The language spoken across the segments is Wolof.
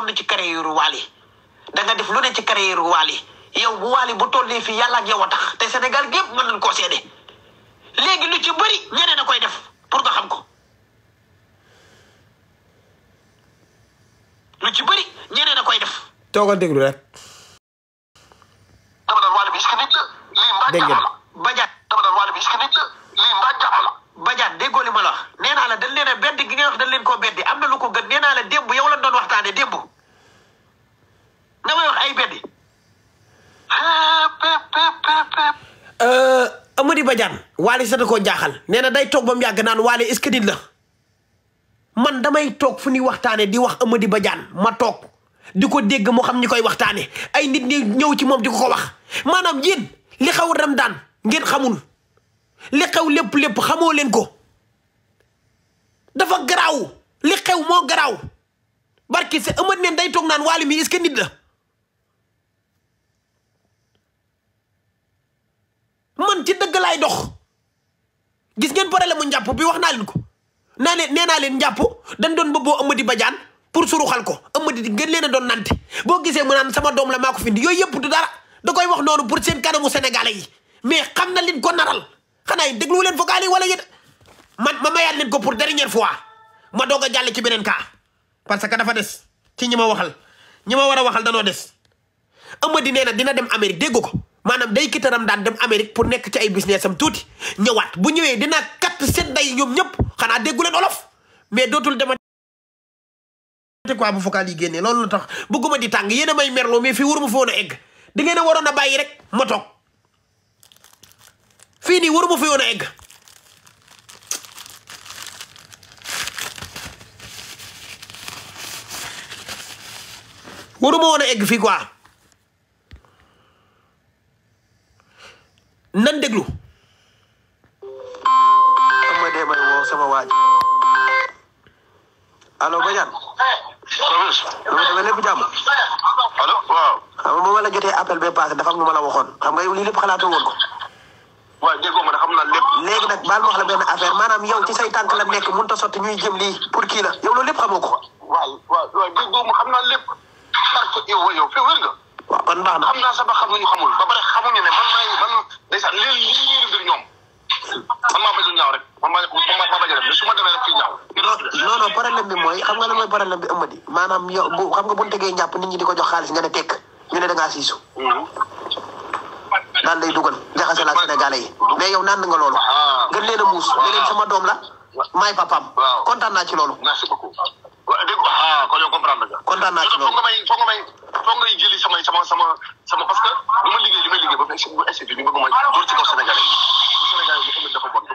na ci carrière Wally da nga def lu ne ci carrière Wally yow bu Wally bu toll nii fii yàlla ak a tax te Sénégal gépp mën nañ koo seede léegi lu ci bëri ñeneen a koy def pour nga xam ko lu ci bëri ñeneen a koy def. toogal déglu rek. dama doon Wally bi est-ce dégg nga Badiane. dama doon ma la naa la dañ leen a bedd gi nga wax leen koo beddi am na lu ko gën nee naa la démb yow lañ doon waxtaane démb nga may wax ay beddi euh, Amady Badiane waale sa da koo jaaxal nee na day toog ba mu yàgg naan Waly est-ce la man damay toog fu ñuy waxtaane di wax Amady Badiane ma toog di ko dégg mu xam ñi koy waxtaane ay nit ñi ñëw ci moom di ko wax maanaam yéen li xaw daan ngeen xamul li xew lépp lépp xamoo leen ko dafa garaaw li xew moo garaaw barki sa ëmat neen day toog naan waali mi est-ce que nit la man ci dëgg laay dox gis ngeen problème mu njàpp bi wax naa leen ko naa leen nee naa leen njàpp dañ doon bëbboo Amady Badiane pour suruxal ko Amady di ngeen leen doon nante boo gisee mu naan sama doom la maa ko yooyu yëpp dara da koy wax noonu pour seen kanamu senegale yi mais xam na liñ ko naral xanaa yi déglu leen vocal yi wala yéen man ma mayaat leen ko pour dernière fois ma doog a jàll ci beneen cas parce que dafa des ci ñi ma waxal ñi ma war a waxal danoo des Amady nee na dina dem Amérique dégg ko maanaam day kitaram daan dem Amérique pour nekk ci ay business am tuuti ñëwaat bu ñëwee dina kat set day ñoom ñëpp xanaa déggu leen olof mais dootul dema te quoi bu focal yi génnee loolu la tax bëgguma di tàng yéen a may merloo mais fii waruma fa woon egg di ngeen a waroon a bàyyi rek ma toog fii nii waruma fa woon a egg waruma woon a egg fii quoi nan déglu. ma dee may woo sama waaj allo Badiane. dama demee lépp jàmm. allo waaw. appel bee passé dafa am lu ma la waxoon xam nga yow lii lépp xalaatoo woon ko. waaw déggoo xam naa lépp. léegi nag baal ma wax la benn affaire maanaam yow ci say tànk la nekk mënut a sotti ñuy jëm lii pour kii la yow loolu lépp xamoo ko. waaw waaw waaw xam naa lépp. yow yow fi wér nga. waaw kon baax na xam naa sax ba pare xamuñu ne a dem su ma bi mooy xam nga la mooy problème bi ëmb di maanaam yow bu xam nga bu ñu tegee ñàpp nit ñi di ko jox xaalis nga ne tekk ñu ne da ngaa siisu. daal mm-hmm. lay dugal jaxase la Sénégalais yi mais yow naan nga loolu. Ah. gën leen a muus ne leen sama doom la. Ah. maay papaam kontaan naa ci loolu. waaw dégg ah kon yow comprendre nga. kontaan naa ci loolu foog nga may foog nga may foog ngay jëli samay sama sama sama parce que ma liggéey li may liggéey ba mu bu essai bi ñu ma dóor ci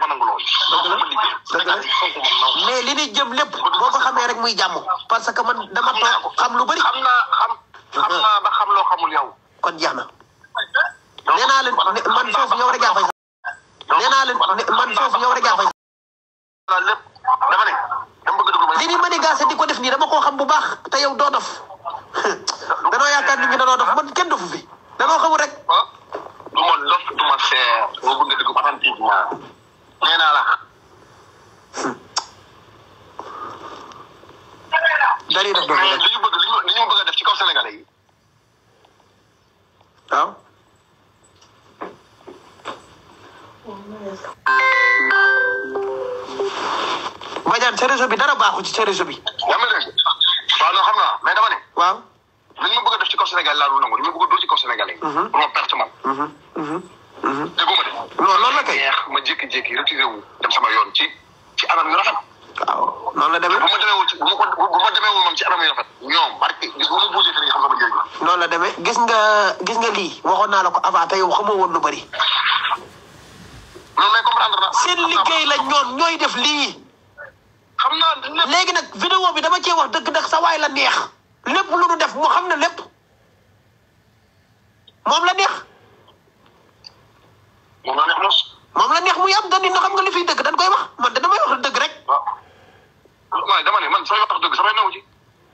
ma nangu loolu. dëgg la mais li ni jëm lépp rek muy jàmm. parce que man dama toog xam lu bëri. xam naa xam xam naa loo xamul yow. kon jeex na. nee naa leen man foofu yow rek yaa fay. nee naa leen man foofu yow rek yaa fay. li ni manigaase di ko def nii dama koo xam bu baax te yow doo dof danoo yaakaar nit ñi danoo dof man kenn dofu fi danoo xamul rek. Ah, du ma dof du ma seer dama bëgg dëgg authentiquement nee naa la. dañuy def dof mais li ñu bëgg li ñu bëgg a def ci kaw Sénégalais yi. waaw. Badiane sa réseau bi dara baaxu ci sa réseau bi. yaa waaw non xam naa mais dama ne. waaw li ñu def ci kaw Sénégal laa dul nangu li a dóor ci kaw Sénégal yi. pour mhm. ma perte man. Mhm. Mhm. déggu ma de. non loolu la kay yoon ci ci anam yu waaw noonu la demee bu ma demee wu ci bu ma bu ma demee wu moom ci gis nga la. noonu gis nga gis nga lii waxoon naa la ko avant tey xamoo woon lu bëri. loolu lay comprendre na. seen liggéey la ñoom ñooy def lii léegi nag vidéo bi dama cee wax dëgg dëgg sa waay la neex lépp lu nu def mu xam ne lépp moom la neex. moom la neex mos. moom la neex mu yàgg dañ na xam nga li fiy dëgg dañ koy wax man de damay wax dëgg rek. waaw dama ne man sooy wax dëgg samay naw ji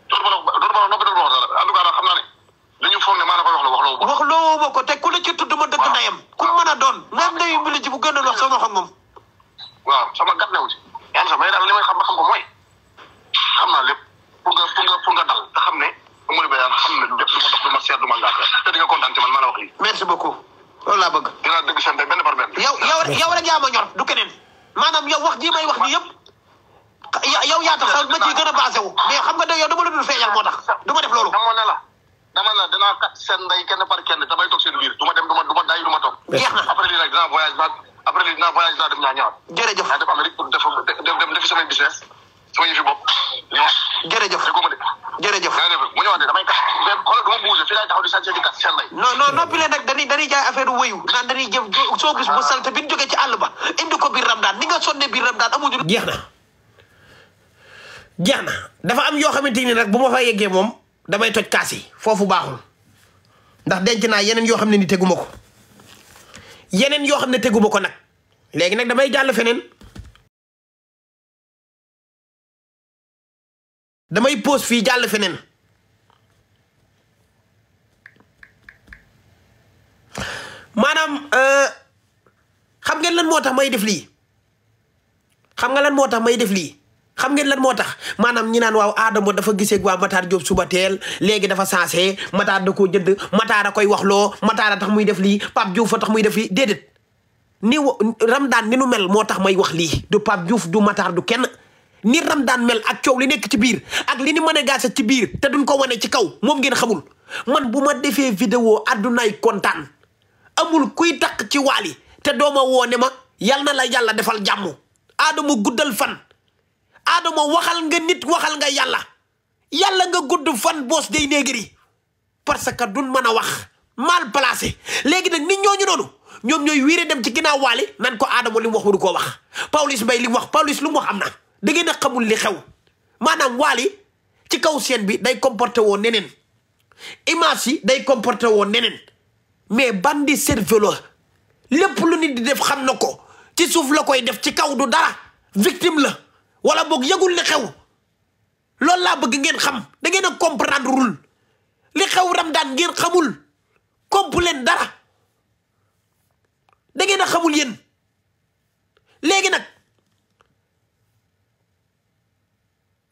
dootu ma dootu ma noppi dootu ma wax dara en tout cas xam naa ne dañu foog ne maa la koy wax la wax loo ko. wax loo ma ko te ku la ci tudd ma dëgg ndeyam. waaw ku mën a doon. waaw ndey mi la ji bu gën a lox sama xam moom. waaw sama gàtt naw ji. am sax may daal li du ma maa la wax lii. merci beaucoup loolu laa bëgg. dinaa dégg seen benn par benn. yow yow yow rek yaa ma ñor du keneen maanaam yow wax ji may wax nii yëpp yow yaa tax sax ma ciy gën a basé wu mais xam nga yow dama la dul moo tax du ma def loolu. du ma dem du ma du du ma toog. jeex na après lii nag dinaa voyage ba après lii dinaa voyage sama dem defi samay business sama yëfi bopp ñëw. Ah, jërëjëf déggoo ma de. damay tax xoolal dama bougé fii laay taxaw di sant di kat seen lay. non non noppi leen nag dañuy dañuy jaay affaire wëyu naan dañuy ah. ci àll ba indi ko biir Ramadan ni nga sonne biir Ramadan amuñu. jeex na na dafa am yoo xamante ni nag bu ma fa yeggee moom damay toj kaas yi foofu baaxul ndax denc naa yeneen yoo xam ne ni teguma ko yeneen yoo xam ne teguma ko nag léegi nag damay jàll feneen damay pause fii jàll feneen maanaam euh, xam ngeen lan moo tax may def lii xam nga lan moo tax may def lii xam ngeen lan moo tax maanaam ñi naan waaw Adamo dafa giseeg ak waa Matar Diop suba teel léegi dafa sensé Matar da koo jënd Matar koy waxloo loo Matar tax muy def lii Pape Diouf a tax muy def lii déedéet ni daan ni nu mel moo tax may wax lii du Pape juuf du Matar du kenn ni ram daan mel ak coow li nekk ci biir ak li ni mën a gaasa ci biir te duñ ko wane ci kaw moom ngeen xamul man bu ma defee vidéo addunaay kontaan amul kuy takk ci waali te dooma woone ma yal na la yàlla defal jàmm aadama guddal fan aadama waxal nga nit waxal nga yàlla yàlla nga gudd fan boos day néegri parce que duñ mën a wax mal placé léegi nag nit ñooñu noonu ñoom ñooy wiire dem ci ginnaaw waali nan ko aadama li wax wuru koo wax Pawlish Mbaye li mu wax Pawlish lu mu am na da ngeen a xamul li xew maanaam Wally ci kaw seen bi day comporté woo neneen image yi day comporté woo neneen mais bandi cerveau la lépp lu nit di def xam na ko ci suuf la koy def ci kaw du dara victime la wala boog yëgul li xew loolu laa bëgg ngeen xam da ngeen a comprendre rul li xew Ramdaan ngeen xamul komp leen dara da ngeen a xamul yéen léegi nag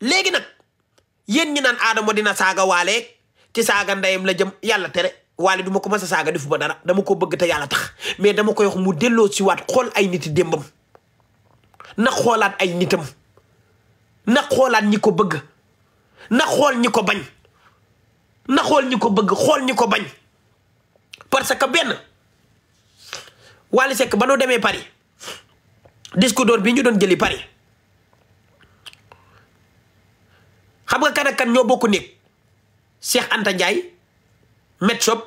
léegi nag yéen ñi naan Adamo dina saaga waale ci saaga ndeyam la jëm yàlla tere waale duma ko mës a saaga defu ma dara dama ko bëgg te yàlla tax mais dama koy wax mu delloo si waat xool ay niti dembam na xoolaat ay nitam na xoolaat ñi ko bëgg na xool ñi ko bañ na xool ñi ko bëgg xool ñi ko bañ parce que benn Wally Seck ba noo demee Paris disque d'or bi ñu doon jëli Paris xam nga kan kan ñoo bokk néeg Cheikh Anta Ndiaye Metshop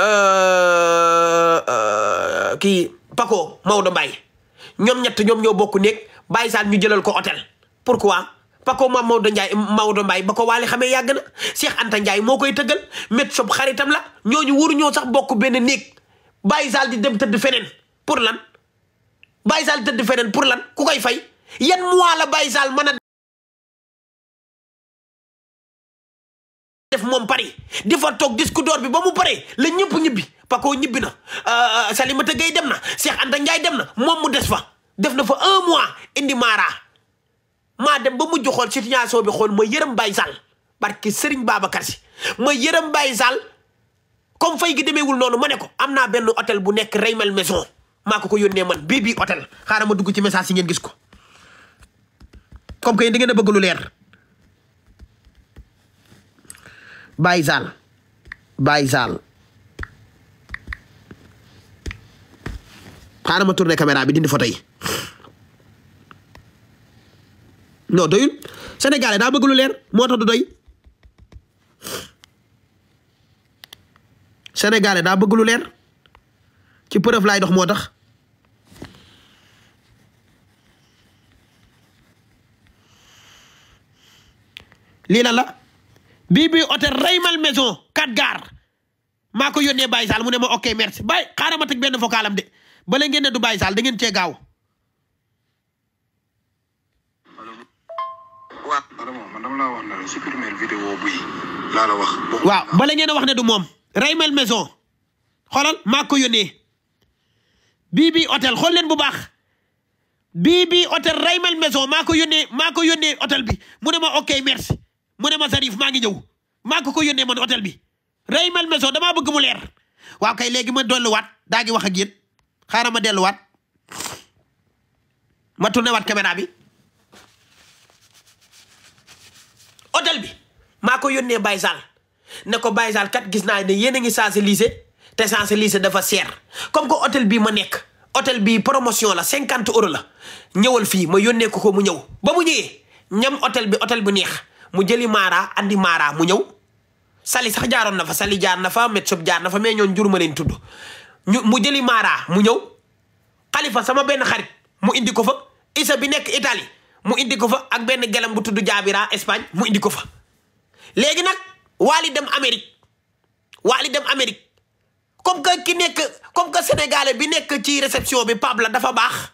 euh, euh, kii Paco Maodo Mbaye ñoom ñett ñoom ñoo bokk néeg Baye Sall ñu jëlal ko hôtel pourquoi Paco ma Maodo Ndiaye Maodo Mbaye ba ko waale xamee yàgg na Cheikh Anta Ndiaye moo koy tëggal Metshop xaritam la ñooñu wur ñoo sax bokk benn néeg Baye Sall di dem tëdd feneen pour lan Baye Sall tëdd feneen pour lan ku koy fay yan mois la Baye Sall mën def moom Paris di fa toog disque d'or bi ba mu paree la ñëpp ñibbi Paco ñibbi na euh, euh, Salimata Gueye dem na Cheikh Anta Ndiaye dem na moom mu des fa def na fa un mois indi Mara maa dem ba mujj xool situation bi xool ma yërëm Baye Sall barke Serigne Babacar si ma yërëm Baye Sall comme fay gi demeewul noonu ma ne ko am naa benn hôtel bu nekk Reymel Maison maa ko ko yónnee man bii bii hôtel xaaral ma dugg ci message yi ngeen gis ko comme que da ngeen a bëgg lu leer. Baye Zal Baye Zal xaaral ma tourné caméra bi dindi photo yi non doyul Sénégalais daa bëgg lu leer moo tax doy Sénégalais daa bëgg lu leer ci preuve lay dox moo tax lii lan la bii bii hôtel Raymal maison quatre gares maa ko yónnee Baye Sall mu ne ma ok merci bay xaaral ma teg benn vocalam de bala ngeen ne saal Baye Sall da ngeen cee gaaw. waaw man ne wax. waaw ngeen wax ne moom Raymal maison xoolal maako ko yónnee bii bii hôtel xool leen bu baax. bii bii hôtel Raymal maison maa ko yónnee maa ko yónnee hôtel bi mu ne ma ok merci. mu ne ma maa ngi ñëw maa ko ko yónnee man hôtel bi rey mel meso damaa bëgg mu leer waaw kay léegi ma dolluwaat daa ngi wax a yéen xaaral ma delluwaat ma tourné waat caméra bi hôtel bi maa ko yónnee Baye Sall ne ko Baye Sall kat gis naa ne yéen a ngi sensibiliser te sensibiliser dafa seer comme que hôtel bii ma nekk hôtel bii promotion la cinquante euros la ñëwal fii ma yónnee ko ko mu ñëw ba mu ñëwee ñam hôtel bi hôtel bu neex mu jëli Mara andi Mara mu ñëw Sali sax jaaroon na fa Sali jaar na fa sob jaar na fa mais ñoon jur tuddu ñu mu jëli Mara mu ñëw Khalifa sama benn xarit mu indi ko fa Isa bi nekk itali mu indi ko fa ak benn gelam bu tudd Jaabira Espagne mu indi ko fa léegi nag waali dem Amérique waali dem Amérique comme que ki nekk comme que sénégalais bi nekk ci réception bi Pape la dafa baax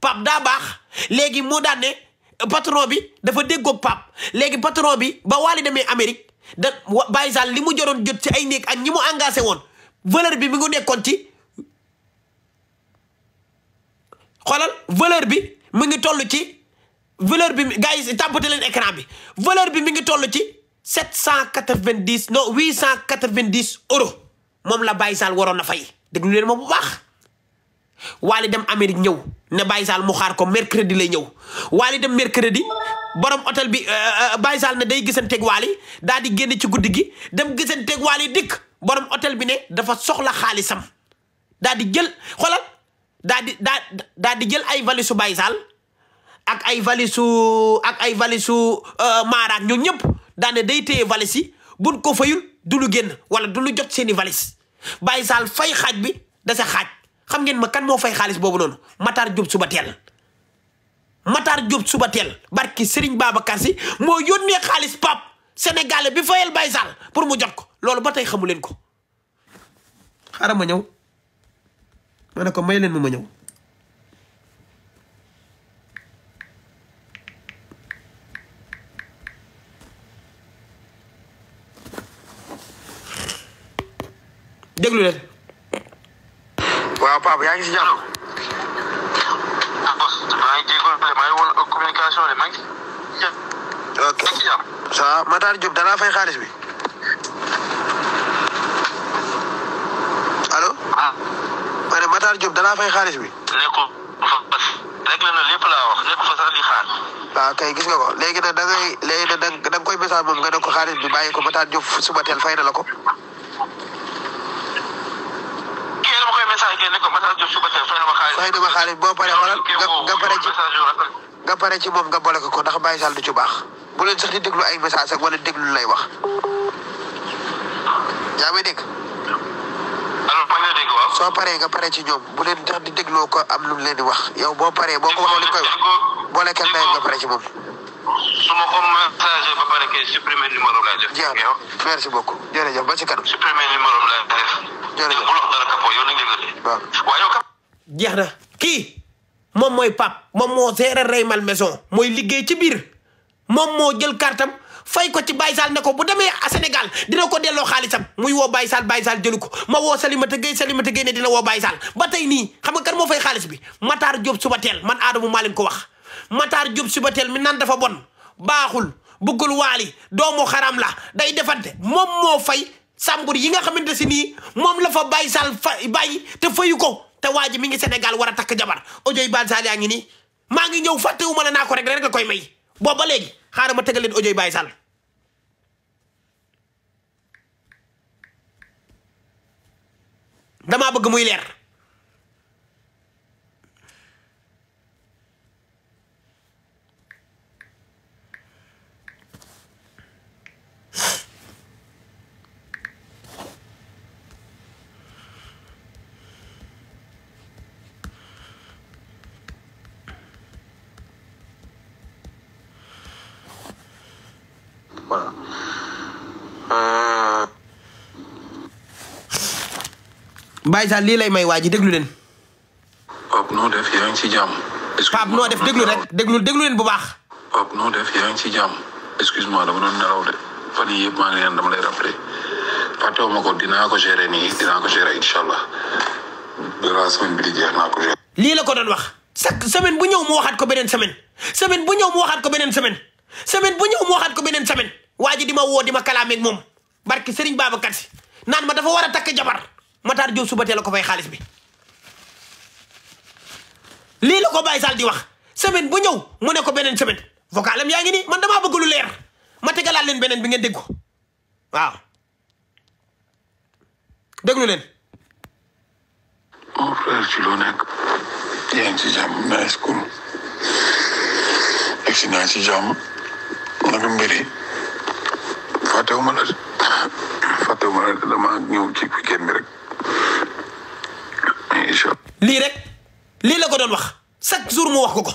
Pape daa baax léegi mu daan patron bi dafa déggoog Pape léegi patron bi ba Wally demee Amérique da Baye Sall li mu joroon jot ci ay néeg ak ñi mu engagé woon valeur bi mi ngi nekkoon ci xoolal valeur bi mu ngi toll ci valeur bi gars yi tàmpate leen écran bi valeur bi mi ngi toll ci sept cent quatre-vingt-dix non huit cent quatre-vingt-dix euros moom la Baye Sall waroon na fay déglu leen moom bu baax Wally dem Amérique ñëw ne Baye Sall mu xaar ko mercredi lay ñëw Wally dem mercredi borom hôtel bi euh, euh, Baye Sall ne day gisanteeg Wally daal di génn ci guddi gi dem gisanteeg Wally dikk borom hôtel bi ne dafa soxla xaalisam daal di jël xoolal daal di di jël ay valisu Baye Sall ak ay valisu ak ay valisu euh, maaraak ñoom ñëpp daal day téye valis yi buñ ko fayul du lu génn wala du lu jot seeni valis Baye Sall fay xaaj bi dasa xaaj xam ngeen ma kan moo fay xaalis boobu noonu Matar Diop suba teel Matar Diop suba teel barki Serigne Babacar si moo yónnee xaalis pap Sénégalais bi fayal Baye pour mu jot ko loolu ba tey xamu leen ko. xaaral ma ñëw ma ne ko may leen ma ma ñëw. déglu waaw papa yaa ngi si jàmm. Ah, maa ngi danaa fay xaalis bi. allo. Ah. ma ne Matar Diop fay xaalis bi. waaw ah, kay gis nga ko léegi nag da ngay koy message nga ne ko xaalis bi bàyyi ko Matar Diop suba teel la ko. fay na ma xaalis boo paree xoolal nga pare ci nga pare ci moom nga boole ko ndax Baye Sall du ci baax bu leen sax di déglu ay message ak wala déglu lay wax. yaa ngi may dégg. soo paree nga pare ci ñoom bu leen sax di dégloo ko am lu leen di wax yow boo paree boo ko waxee li koy wax boole kenn day nga pare ci moom. su ma ko message ba pare kay jeex na merci beaucoup jërëjëf ba ci kanam. supprimer jeex na kii moom mooy pap moom moo gérer Rey Malmaison mooy liggéey ci biir moom moo jël kartam fay ko ci Baye Sall ne ko bu demee a Sénégal dina ko delloo xaalisam muy woo Baye baysal Baye ko ma woo Salimata Gueye Salimata Gueye ne dina woo Baye ba tey nii xam nga kan moo fay xaalis bi Matar Diop suba teel man Adama maa ko wax Matar Diop suba teel mi nan dafa bon baaxul bëggul waali doomu xaram la day defante moom moo fay sàmbur yi nga xamante si nii moom la fa bàyyi sal fa bàyyi te ko te waa ji mi ngi senegal war a takk jabar audio yi Baye yaa ngi nii maa ngi ñëw fàttewu ma ne naa ko rek rek la koy may boobu ba léegi xaaral ma tegal leen audio yi Baye bëgg muy leer Voilà. Baye Sall lii lay may waa ji déglu leen. Pape noo def yaa ngi ci jàmm. Pape noo def déglu rek déglu déglu leen bu baax. Pape noo def yaa ngi ci jàmm. excuse-moi dama doon nelaw de fan yii yëpp maa ngi leen dama lay rappeler fàttewu ma ko dinaa ko gérer nii dinaa ko gérer incha allah bi jeex naa ko lii la ko doon wax chaque semaine bu ñëw mu waxaat ko beneen semaine semaine bu ñëw mu waxaat ko beneen semaine semaine bu ñëw waxaat ko beneen semaine. waa ji di ma woo di ma kalaameeg moom barki Serigne Babacar si naan ma dafa war a takk jabar Matar Diop suba teel a ko fay xaalis bi. lii la ko Baye Sall di wax semaine bu ñëw mu ne ko beneen semaine vocalam yaa ngi nii man damaa bëgg lu leer ma tegalaat leen beneen bi ngeen dégg ko waaw déglu leen. mon nekk. yaa mbiri fàttewuma la rek lii rek lii la ko doon wax chaque jour mu wax ko ko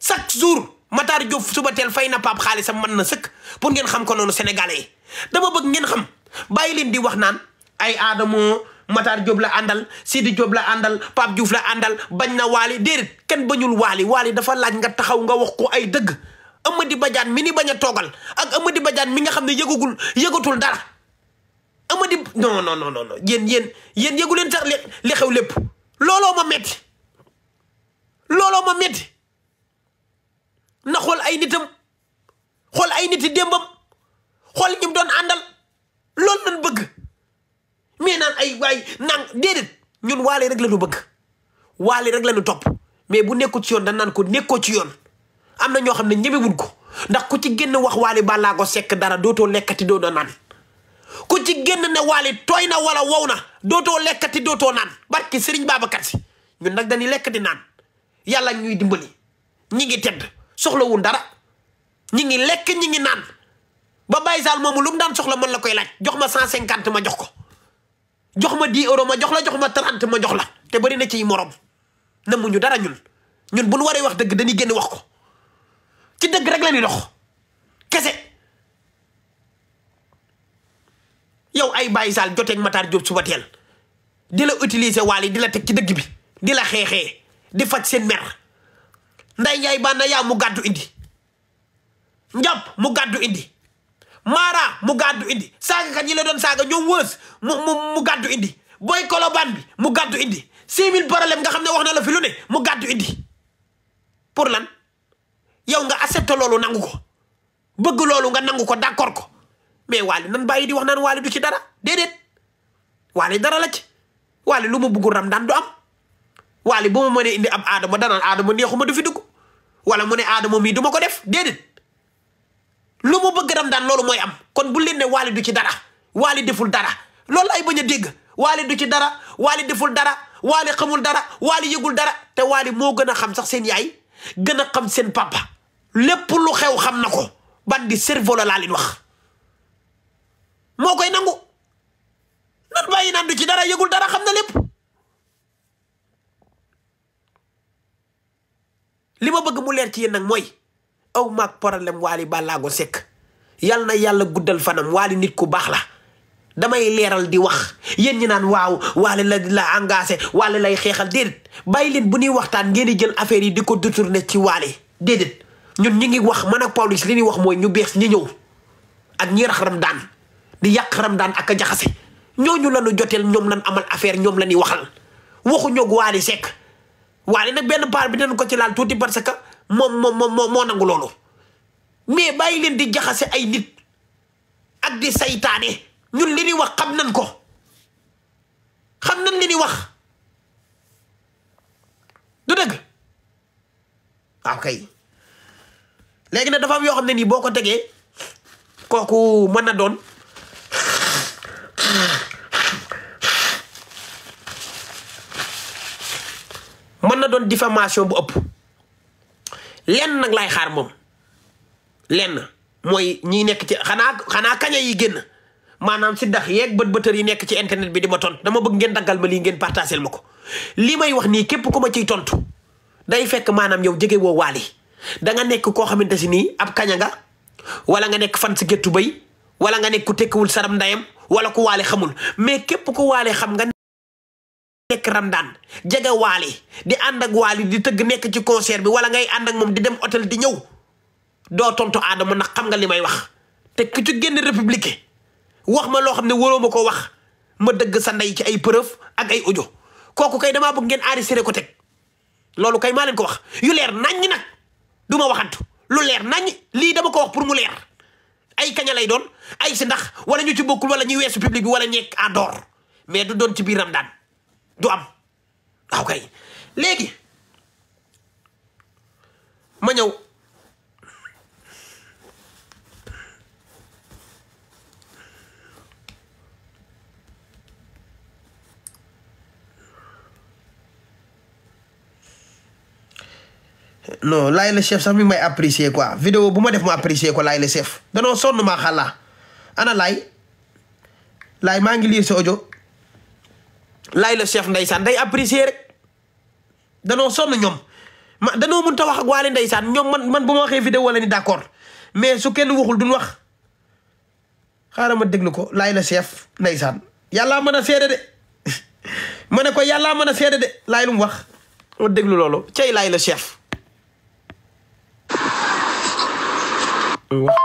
chaque jour Matar Diop suba teel fay na Pape xaalisam man na sëkk pour ngeen xam ko noonu sénégalais yi dama bëgg ngeen xam bàyyi leen di wax naan ay aadamoo Matar Diop la àndal Sidi Diop la àndal Pape Diouf la àndal bañ na waali déedéet kenn bañul waali waali dafa laaj nga taxaw nga wax ko ay dëgg. Amady bajaan mi ni bañ a toogal ak Amady bajaan mi nga xam ne yëgagul yëgatul dara Amady non non non non yéen yéen yéen yëgu leen sax li xew lépp looloo ma metti looloo ma metti na xool ay nitam xool ay niti dembam xool ñim doon àndal loolu lañ bëgg mais naan ay waay nang déedéet ñun waale rek la ñu bëgg waale rek la nu topp mais bu nekkul ci yoon dañ naan ko nekkoo ci yoon am na ñoo xam ne ñemewuñ ko ndax ku ci génn wax Wally Ballago Seck dara dootoo lekkati dootoo naan ku ci génn ne Wally tooy na wala wow na dootoo lekkati dootoo naan barki sëriñ Babacar si ñun nag dañuy lekk di naan yàlla ñuy dimbali ñi ngi tedd soxlawul dara ñi ngi lekk ñi ngi naan ba Baye saal moom lu mu daan soxla man la koy laaj jox ma cent cinquante ma jox ko jox ma dix euros ma jox la jox ma trente ma jox la te bari na ciy morom namuñu dara ñun ñun bu nu waree wax dëgg dañuy génn wax ko. ci dëgg rek la ñuy dox kese yow ay baay Sall joteeg Matar Diop suba teel di la utilise waal yi di la teg ci dëgg bi di la xeexee di faj seen mer nday Ndiaye bànn yaa mu gàddu indi njàpp mu gàddu indi Mara mu gàddu indi saagakat yi la doon saaga ñoom wës mu mu mu gàddu indi boy koloban bi mu gàddu indi 6000 problème nga xam ne wax na la fi lu ne mu gàddu indi pour lan. yow nga accepté loolu nangu ko bëgg loolu nga nangu ko d'accord ko mais waali nan bàyyi di wax naan waali du ci dara déedéet waali dara la ci waali lu ma bëggul ram daan du am waali bu mënee indi ab aadama danaan aadama neexuma du fi dugg wala mu ne aadama mii du ko def déedéet lu mu bëgg ram daan loolu mooy am kon bu leen ne waali du ci dara waali deful dara loolu ay bañ a dégg waali du ci dara waali deful dara waali xamul dara waali yëgul dara te waali moo gën a xam sax seen yaay gën a xam seen papa lépp lu xew xam na ko bandi cerveau la laa leen wax moo koy nangu nan bàyyi naan ci dara yëgul dara xam na lépp li ma bëgg mu leer ci yéen nag mooy aw maag problème waali bàllaago sekk yal na yàlla guddal fanam waali nit ku baax la damay leeral di wax yéen ñi naan waaw waale la la engagé waale lay xeexal déedéet bàyyi leen bu ñuy waxtaan ngeen di jël affaire yi di ko détourné ci waale déedéet ñun ñu ngi wax man ak Pawlish li ñuy wax mooy ñu bees ñu ñëw ak ñi rax daan di yàq daan ak a jaxase ñooñu lañu joteel ñoom lañ amal affaire ñoom la ñuy waxal waxuñu ak Waly Seck Waly nag benn paar bi dañ ko ci laal tuuti parce que moo moo moom moo nangu loolu mais bàyyi leen di jaxase ay nit ak di saytaane ñun li ñuy wax xam nañ ko xam nañ li ñuy wax du dëgg waaw ah, kay léegi nag dafa am yoo xam ne nii boo ko tegee kooku mën na doon mën na doon diffamation bu ëpp lenn nag laay xaar moom lenn mooy ñiy nekk ci xanaa xanaa kaña yi génn maanaam si dax yeeg bët bëtër yi nekk ci internet bi di ma tontu dama bëgg ngeen daggal ma lii ngeen partagel ma ko lii may wax nii képp ku ma ciy tontu day fekk maanaam yow jege woo waali da nga nekk koo xamante si nii ab kaña nga wala nga nekk fan si géttu bay wala nga nekk ku tekkiwul saram ndayam wala ku waale xamul mais képp ku waale xam nga nekk ramdaan jege waale di ànd ak waale di tëgg nekk ci concert bi wala ngay ànd ak moom di dem hôtel di ñëw doo tontu aadama ndax xam nga li may wax te ku ci génn république wax ma loo xam ne waroo ma ko wax ma dëgg sa ndey ci ay preuve ak ay audio kooku kay damaa bëgg ngeen enregistré ko teg loolu kay ma leen ko wax yu leer nañ nag du ma waxantu lu leer nañ lii dama ko wax pour mu leer ay kaña lay doon ay si ndax wala ñu ci bokkul wala ñuy weesu public bi wala ñekk en dehors mais du doon ci biir Ramadan du am waaw kay léegi ma ñëw non laay la chef sax mi may apprécier quoi vidéo bu ma def ma apprécier ko laay la chef danoo sonn maa xàllaa ana maa ngi lire sa laay la chef ndeysaan day apprécier rek danoo sonn ñoom ma danoo mun mënta wax ak waale ndeysaan ñoom man man bu ma waxee vidéo la ni d'accord mais su kenn waxul duñ wax xaaral ma déglu ko laay la chef ndeysaan yàllaa mën a seede de ma ne ko yàllaa mën a seede de laay lu mu wax ma déglu loolu cey laay la chef wax.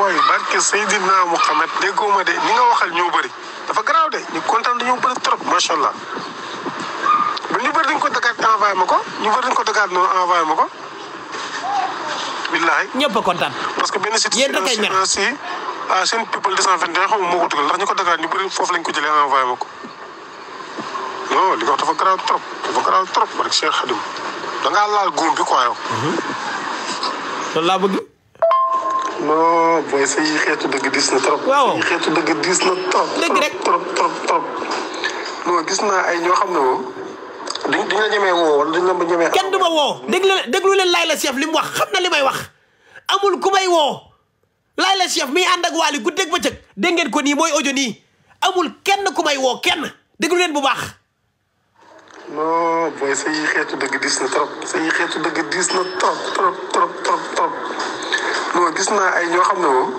booy barke Seydina Mohamed déggoo ma de ñi nga waxal ñoo bëri dafa garaaw de ñu kontaan dañoo bëri trop macha allah bu ñu bëri dañ ko dagaat envoyé ma ko ñu bëri dañ ko dagaat noonu envoyé ma ko. billahi ñëpp a kontaan. parce que benn situation si ah seen people 221 xaw ma moo ko dugal ndax ñu ko dagaat ñu bëri foofu lañ ko jëlee envoyé ma ko. non li nga wax dafa garaaw trop dafa garaaw trop barke Cheikh Khadim da ngaa laal góom bi ko yow. Mhm. loolu laa bëgg. non booy say xeetu dëgg diis na trop. waaw say xeetu dëgg diis na trop. dëgg rek trop gis naa ay ñoo xam ne moom. duñ duñ la woo wala la ñemee. kenn du ma woo déglu déglu leen Layla Chef li mu wax xam na li may wax amul ku may woo Layla Chef miy ànd ak Wally guddeeg bëccëg dégg ngeen ko nii mooy audio nii amul kenn ku may woo kenn déglu leen bu baax. non booy say xeetu dëgg diis na trop say xeetu dëgg diis na trop trop. non gis naa ay ñoo xam ne moom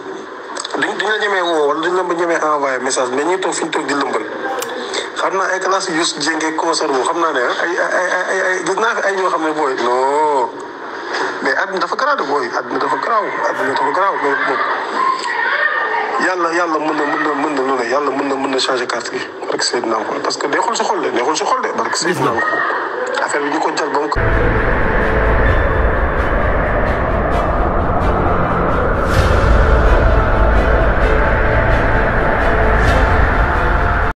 duñ duñ la ñemee woo wala duñ la ñemee envoyé message mais ñuy toog fi di lëmbal xam naa ay classe yu si jéngee concert xam naa ne ah, ay ay naa fi ay ñoo xam ne booy non mais àdduna dafa garaaw de booy àdduna dafa garaaw àdduna dafa garaaw loolu yàlla yàlla mën na mun na mën na loolu yàlla mën na mën na changer carte bi barke Seydina ko parce que neexul si xol de neexul si xol de barke Seydina ko affaire bi ñu ko jël ba